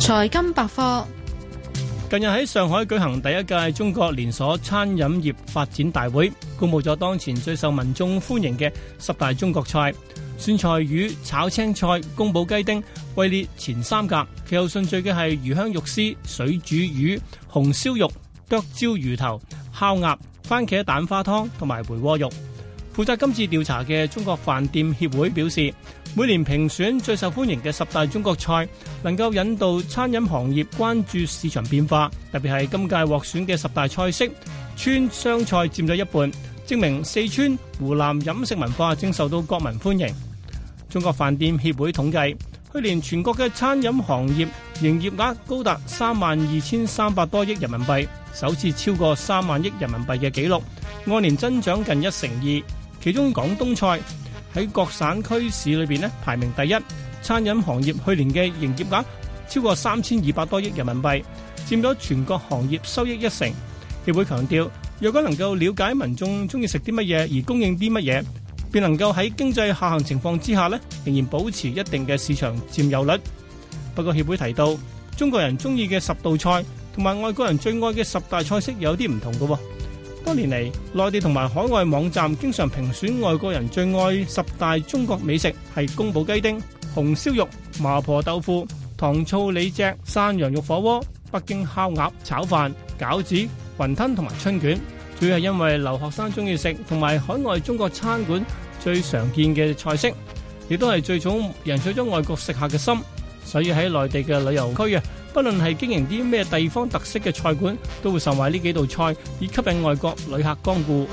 財金百科。近日喺上海舉行第一屆中國連鎖餐飲業發展大會，公布咗當前最受民眾歡迎嘅十大中國菜：酸菜魚、炒青菜、宮保雞丁位列前三甲。其後順序嘅係魚香肉絲、水煮魚、紅燒肉、剁椒魚頭、烤鴨、番茄蛋花湯同埋回鍋肉。負責今次調查嘅中國飯店協會表示，每年評選最受歡迎嘅十大中國菜，能夠引導餐飲行業關注市場變化。特別係今屆獲選嘅十大菜式，川湘菜佔咗一半，證明四川、湖南飲食文化正受到國民歡迎。中國飯店協會統計，去年全國嘅餐飲行業營業額高達三萬二千三百多億人民幣，首次超過三萬億人民幣嘅紀錄，按年增長近一成二。其中廣東菜喺各省區市裏邊咧，排名第一，餐飲行業去年嘅營業額超過三千二百多億人民幣，佔咗全國行業收益一成。協會強調，若果能夠了解民眾中意食啲乜嘢而供應啲乜嘢，便能夠喺經濟下行情況之下咧，仍然保持一定嘅市場佔有率。不過協會提到，中國人中意嘅十道菜同埋外國人最愛嘅十大菜式有啲唔同嘅。多年嚟，內地同埋海外網站經常評選外國人最愛十大中國美食，係宮保雞丁、紅燒肉、麻婆豆腐、糖醋里脊、山羊肉火鍋、北京烤鴨、炒飯、餃子、雲吞同埋春卷。主要係因為留學生中意食，同埋海外中國餐館最常見嘅菜式，亦都係最早贏取咗外國食客嘅心，所以喺內地嘅旅遊區啊。不論係經營啲咩地方特色嘅菜館，都會售賣呢幾道菜，以吸引外國旅客光顧。